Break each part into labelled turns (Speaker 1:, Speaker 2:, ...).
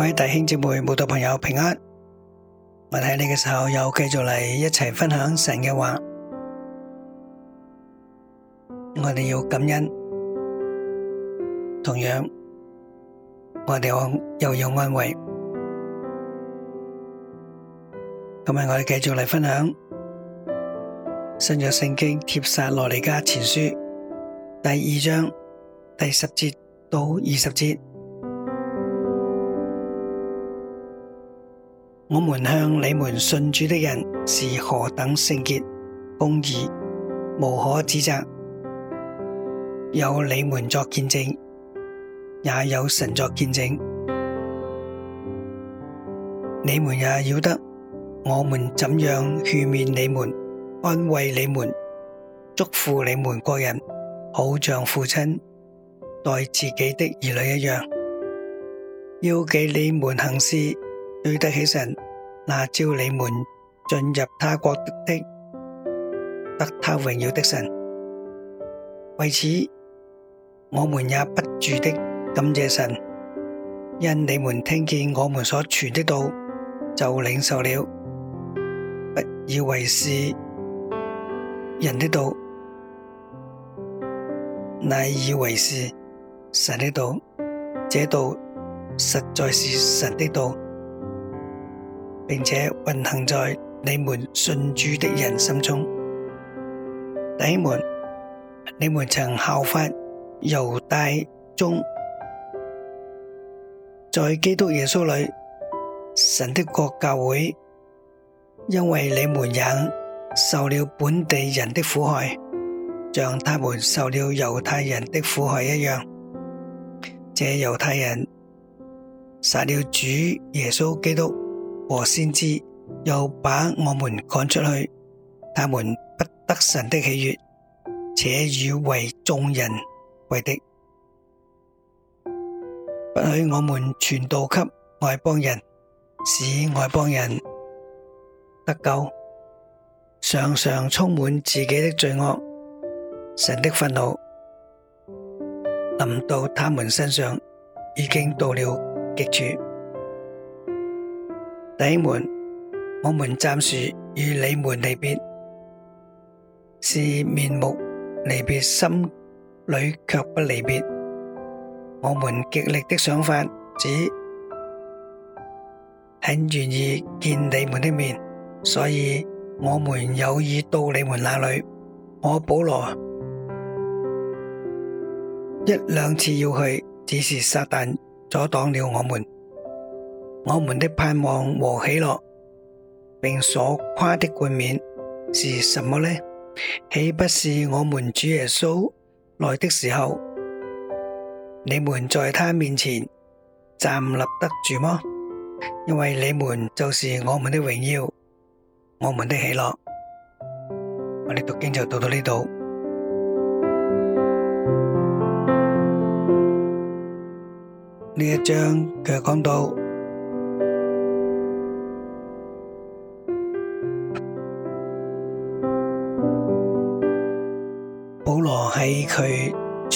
Speaker 1: 各位弟兄姊妹、慕道朋友平安！我睇你嘅時候又繼續嚟一齊分享神嘅話，我哋要感恩，同樣我哋又要安慰。今日我哋繼續嚟分享新約聖經帖撒羅尼迦前書第二章第十節到二十節。我們向你們信主的人是何等聖潔、公義，無可指責。有你們作見證，也有神作見證。你們也曉得我們怎樣勸勉你們、安慰你們、祝福你們各人，好像父親待自己的兒女一樣。要給你們行事。對得起神，那召你們進入他國的，的、得他榮耀的神，為此我們也不住的感謝神，因你們聽見我們所傳的道，就領受了，不以為是人的道，乃以為是神的道，這道實在是神的道。並且運行在你們信主的人心中。弟兄們，你們曾效法猶太中，在基督耶穌裏神的各教會，因為你們也受了本地人的苦害，像他們受了猶太人的苦害一樣。這猶太人殺了主耶穌基督。和先知又把我們趕出去，他們不得神的喜悅，且以為眾人為敵，不許我們傳道給外邦人，使外邦人得救。常常充滿自己的罪惡，神的憤怒臨到他們身上，已經到了極處。弟兄們，我們暫時與你們離別，是面目離別，心裏却不離別。我們極力的想法子，很願意見你們的面，所以我們有意到你們那裏。我保羅一兩次要去，只是撒但阻擋了我們。我們的盼望和喜樂，並所誇的冠冕是什麼呢？豈不是我們主耶穌來的時候，你們在他面前站立得住麼？因為你們就是我們的榮耀，我們的喜樂。我哋讀經就讀到呢度，呢一章佢講到。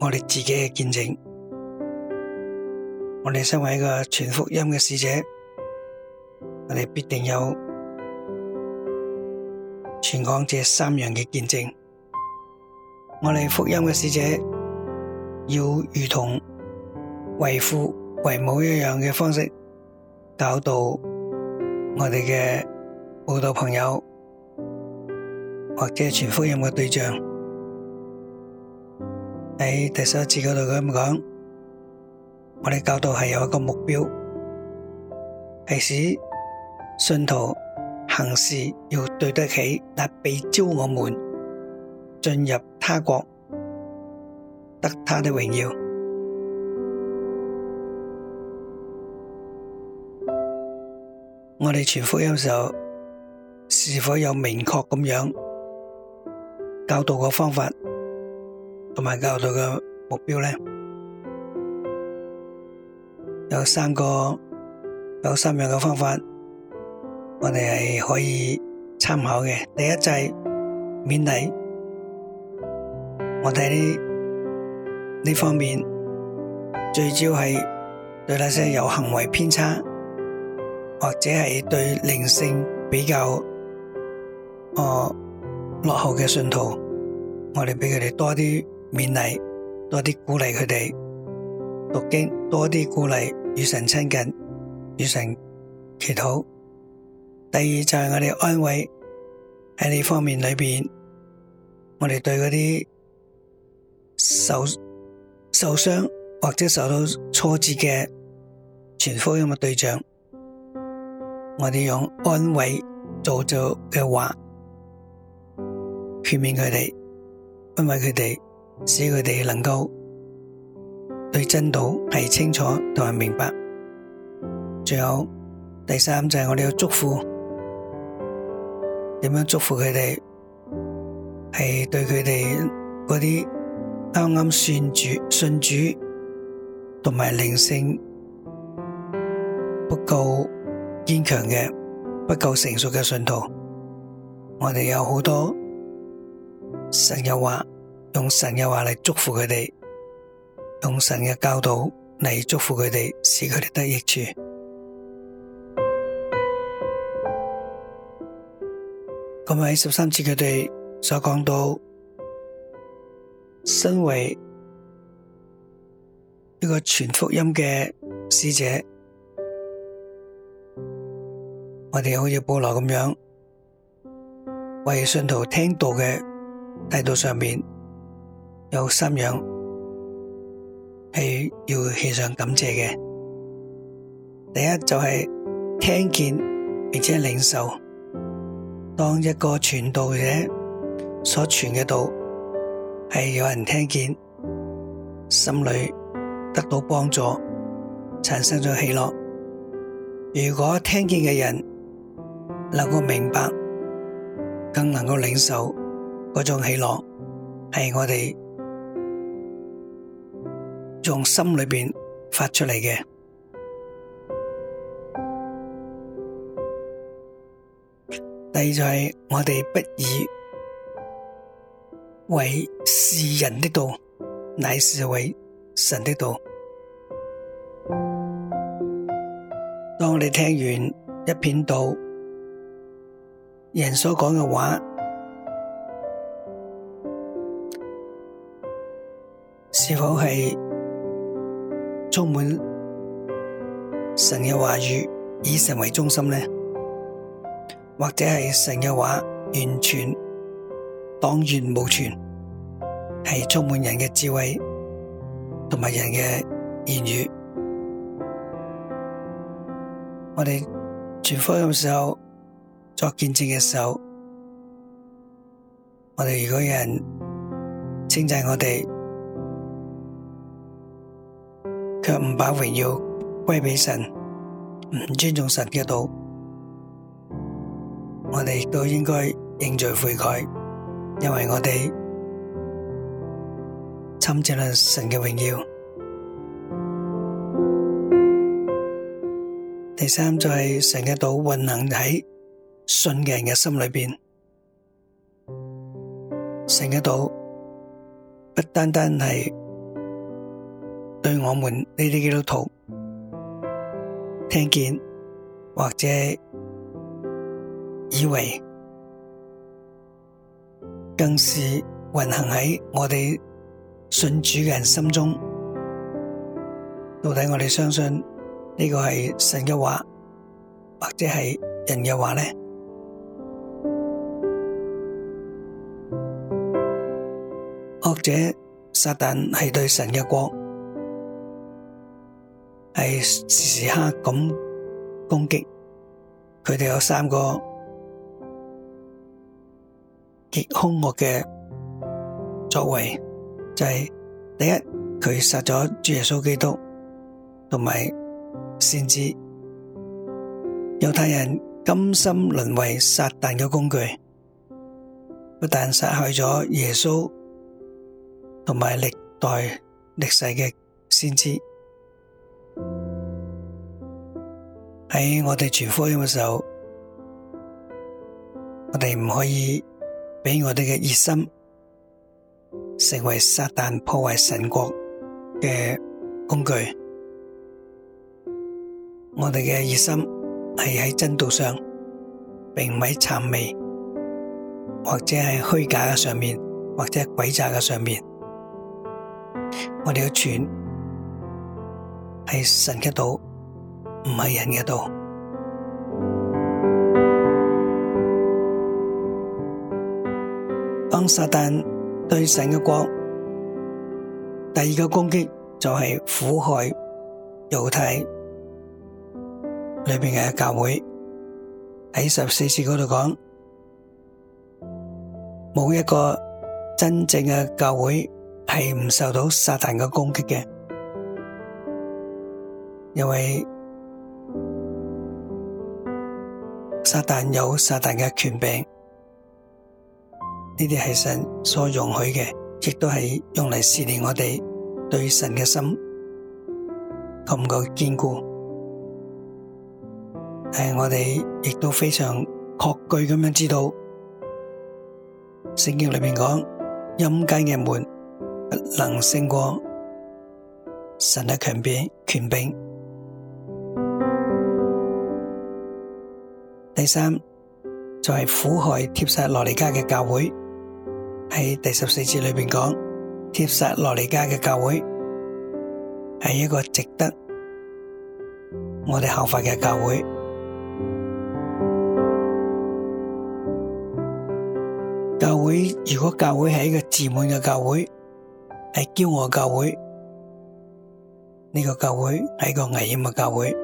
Speaker 1: 我哋自己嘅見證，我哋身為一個傳福音嘅使者，我哋必定有傳講這三樣嘅見證。我哋福音嘅使者要如同為父為母一樣嘅方式教導，導我哋嘅布道朋友或者傳福音嘅對象。喺第十一節嗰度咁講，我哋教導係有一個目標，係使信徒行事要對得起那被召我們進入他國得他的榮耀。我哋傳福音時候是否有明確咁樣教導嘅方法？同埋教導嘅目標咧，有三個，有三樣嘅方法，我哋係可以參考嘅。第一就係勉勵，我哋呢方面最主要係對那些有行為偏差或者係對靈性比較誒落後嘅信徒，我哋俾佢哋多啲。勉勵多啲鼓勵佢哋讀經，多啲鼓勵與神親近，與神祈禱。第二就係、是、我哋安慰喺呢方面裏邊，我哋對嗰啲受受傷或者受到挫折嘅全福音嘅對象，我哋用安慰造就嘅話，勸勉佢哋，安慰佢哋。使佢哋能夠對真道係清楚同埋明白。仲有第三就係、是、我哋要祝福，點樣祝福佢哋係對佢哋嗰啲啱啱算主、信主同埋靈性不夠堅強嘅、不夠成熟嘅信徒，我哋有好多神又話。用神嘅話嚟祝福佢哋，用神嘅教導嚟祝福佢哋，使佢哋得益處。咁喺十三節佢哋所講到，身為一個全福音嘅使者，我哋好似保羅咁樣為信徒聽到嘅，態度上面。有三樣係要獻上感謝嘅。第一就係聽見並且領受，當一個傳道者所傳嘅道係有人聽見，心裏得到幫助，產生咗喜樂。如果聽見嘅人能夠明白，更能夠領受嗰種喜樂，係我哋。從心裏邊發出嚟嘅。第二就係我哋不以為是人的道，乃是為神的道。當你聽完一篇道，人所講嘅話，是否係充滿神嘅話語，以神為中心咧，或者係神嘅話完全蕩然無存，係充滿人嘅智慧，同埋人嘅言語。我哋傳福音時候，作見證嘅時候，我哋如果有人稱讚我哋。卻唔把榮耀歸畀神，唔尊重神嘅道，我哋都應該認罪悔改，因為我哋侵占了神嘅榮耀。第三就係神嘅道運行喺信嘅人嘅心裏邊，神嘅道不單單係。對我們呢啲基督徒聽見或者以為，更是運行喺我哋信主嘅人心中。到底我哋相信呢個係神嘅話，或者係人嘅話呢？或者撒旦係對神嘅國？係時時刻刻咁攻擊佢哋，有三個極兇惡嘅作為，就係、是、第一，佢殺咗主耶穌基督，同埋先知。猶太人甘心淪為撒旦嘅工具，不但殺害咗耶穌，同埋歷代歷世嘅先知。喺我哋傳福音嘅時候，我哋唔可以俾我哋嘅熱心成為撒旦破壞神國嘅工具。我哋嘅熱心係喺真道上，並唔係喺諂媚或者係虛假嘅上面，或者係鬼詐嘅上面。我哋要傳係神嘅道。唔係人嘅道，當撒旦對神嘅國，第二個攻擊就係苦害猶太裏邊嘅教會。喺十四節嗰度講，冇一個真正嘅教會係唔受到撒旦嘅攻擊嘅，因為。撒旦有撒旦嘅權柄，呢啲係神所容許嘅，亦都係用嚟試煉我哋對神嘅心夠唔夠堅固。但係我哋亦都非常確據咁樣知道，聖經裏面講，陰間嘅門不能勝過神嘅權柄權柄。第三就係、是、苦害帖撒羅尼加嘅教會，喺第十四節裏邊講，帖撒羅尼加嘅教會係一個值得我哋效法嘅教會。教會如果教會係一個自滿嘅教會，係驕傲嘅教會，呢、這個教會係一個危險嘅教會。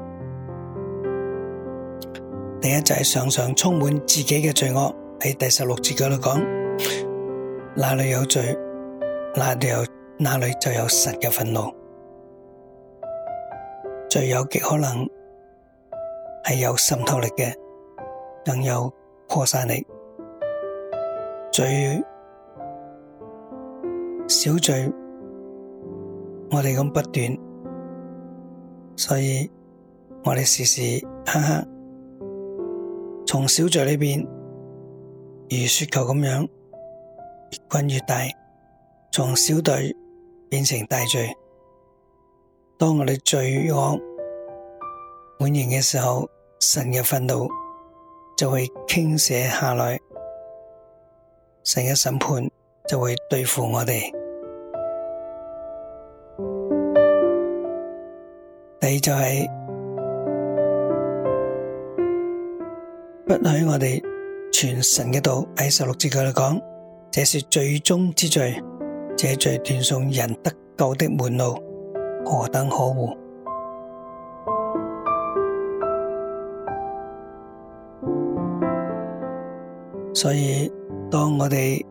Speaker 1: 第一就係、是、常常充滿自己嘅罪惡，喺第十六節嗰度講，哪裏有罪，哪裏有，哪裏就有神嘅憤怒。罪有極可能係有滲透力嘅，更有破壞力。罪小罪，我哋咁不斷，所以我哋時時刻刻。從小罪裏邊，如雪球咁樣越滾越大，從小罪變成大罪。當我哋罪惡滿盈嘅時候，神嘅憤怒就會傾瀉下來，神嘅審判就會對付我哋。第二就係、是。不許我哋傳神嘅道，喺十六節度講，這是最終之罪，這罪斷送人得救的門路，何等可惡！所以當我哋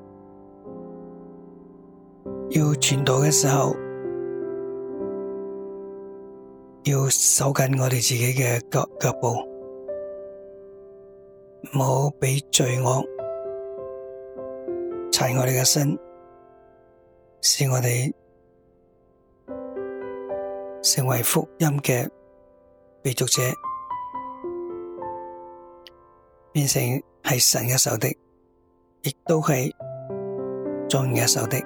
Speaker 1: 要傳道嘅時候，要守緊我哋自己嘅腳腳步。唔好俾罪惡踩我哋嘅身，使我哋成為福音嘅被逐者，變成係神一手的，亦都係罪一手的。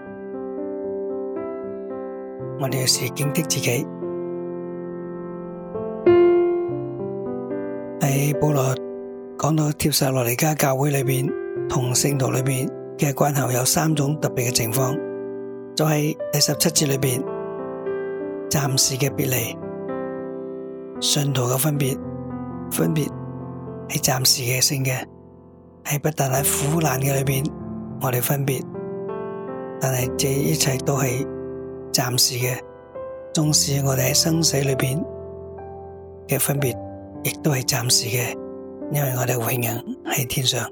Speaker 1: 我哋要試警的自己，喺保羅。講到帖撒羅尼迦教會裏邊同聖徒裏邊嘅關係有三種特別嘅情況，就喺第十七節裏邊，暫時嘅別離，信徒嘅分別，分別係暫時嘅性嘅，係不但喺苦難嘅裏邊我哋分別，但係這一切都係暫時嘅，縱使我哋喺生死裏邊嘅分別，亦都係暫時嘅。因為我哋永遠喺天上。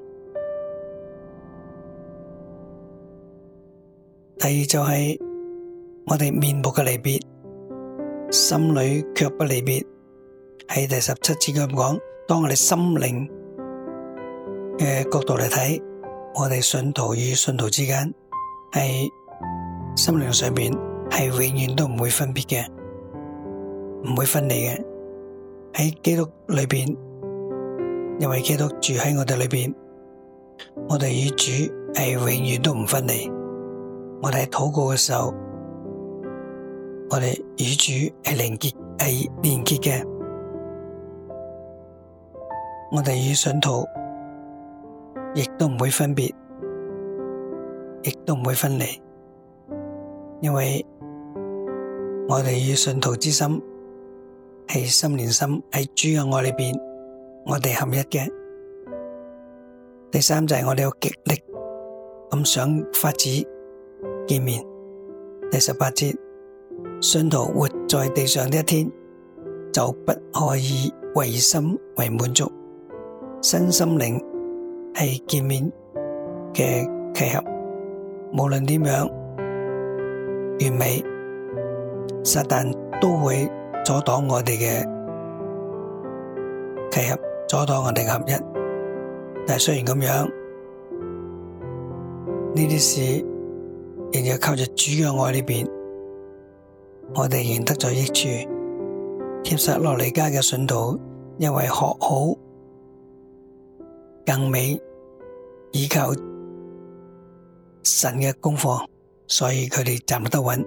Speaker 1: 第二就係我哋面部嘅離別，心裏卻不離別。喺第十七節咁講，當我哋心靈嘅角度嚟睇，我哋信徒與信徒之間喺心靈上面係永遠都唔會分別嘅，唔會分離嘅喺基督裏面。因為基督住喺我哋裏邊，我哋與主係永遠都唔分離。我哋喺禱告嘅時候，我哋與主係連結，係連結嘅。我哋與信徒亦都唔會分別，亦都唔會分離，因為我哋與信徒之心係心連心喺主嘅愛裏邊。我哋合一嘅第三就係我哋要極力咁想法子見面。第十八節，信徒活在地上的一天，就不可以為心為滿足，身心靈係見面嘅契合。無論點樣完美，撒旦都會阻擋我哋嘅契合。阻擋我哋合一，但係雖然咁樣，呢啲事仍然靠住主嘅愛裏邊，我哋仍得咗益處。貼實落嚟家嘅信徒，因為學好、更美以求神嘅功課，所以佢哋站得得穩。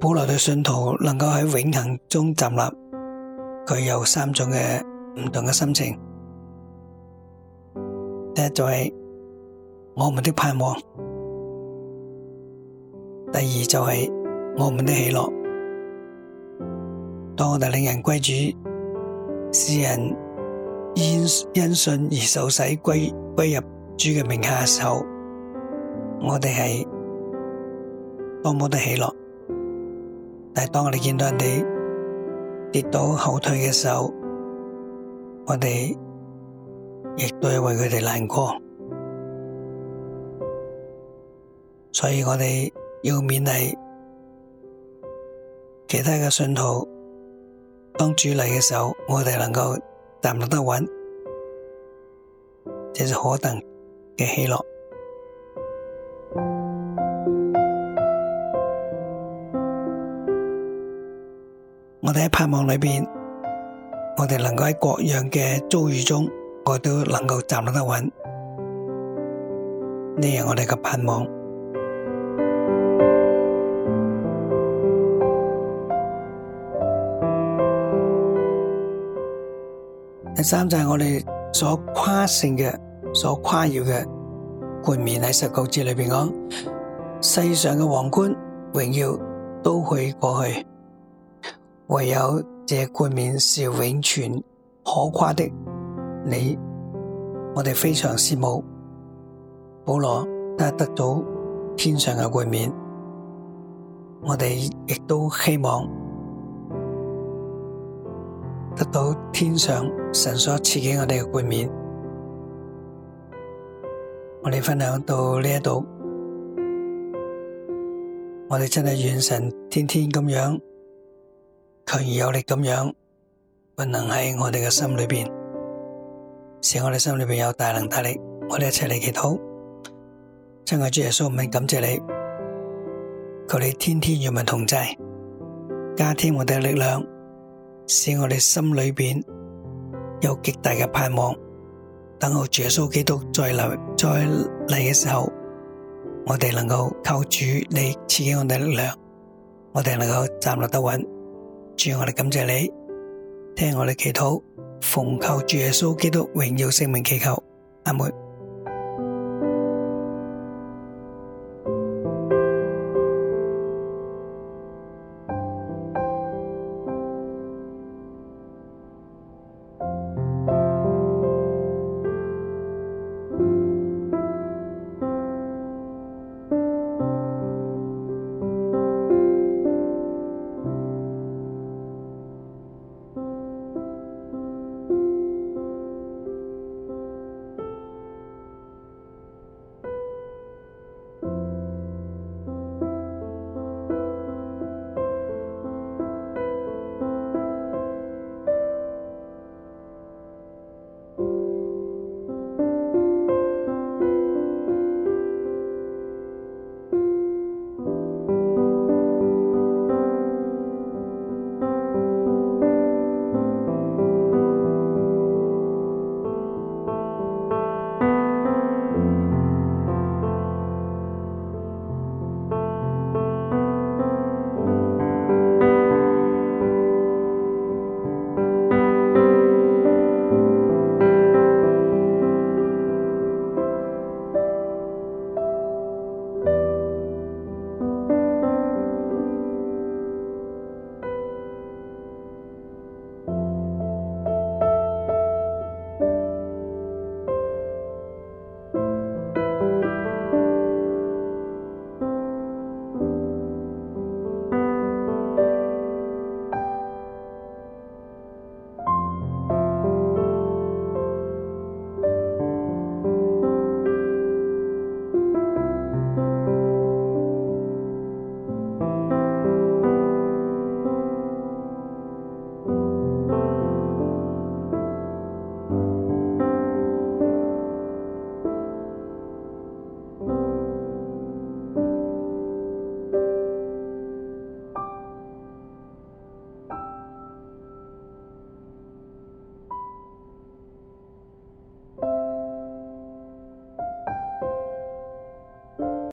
Speaker 1: 保留嘅信徒能夠喺永恆中站立。佢有三種嘅唔同嘅心情，第一就係我們的盼望，第二就係我們的喜樂。當我哋領人歸主，使人因因信而受洗歸歸入主嘅名下嘅時候，我哋係多麼的喜樂。但係當我哋見到人哋，跌倒後退嘅時候，我哋亦都要為佢哋難過，所以我哋要勉勵其他嘅信徒，當主嚟嘅時候，我哋能夠站立得穩，這是可等嘅喜樂。我哋喺盼望裏邊，我哋能夠喺各樣嘅遭遇中，我都能夠站得得穩。呢係我哋嘅盼望。第三就係我哋所跨性嘅、所誇耀嘅冠冕喺十九節裏邊講，世上嘅皇冠榮耀都會過去。唯有這冠冕是永存可誇的。你，你我哋非常羨慕保羅得得到天上嘅冠冕，我哋亦都希望得到天上神所賜俾我哋嘅冠冕。我哋分享到呢一度，我哋真係願神天天咁樣，強而有力咁樣運行喺我哋嘅心裏邊，使我哋心裏邊有大能大力。我哋一齊嚟祈禱，親愛主耶穌，我哋感謝你，求你天天與我同在，加添我哋嘅力量，使我哋心裏邊有極大嘅盼望，等候主耶穌基督再嚟再嚟嘅時候，我哋能夠靠主你賜給我哋嘅力量，我哋能夠站立得穩。主，我哋感謝你，聽我哋祈禱，奉靠主耶穌基督榮耀聖名祈求，阿門。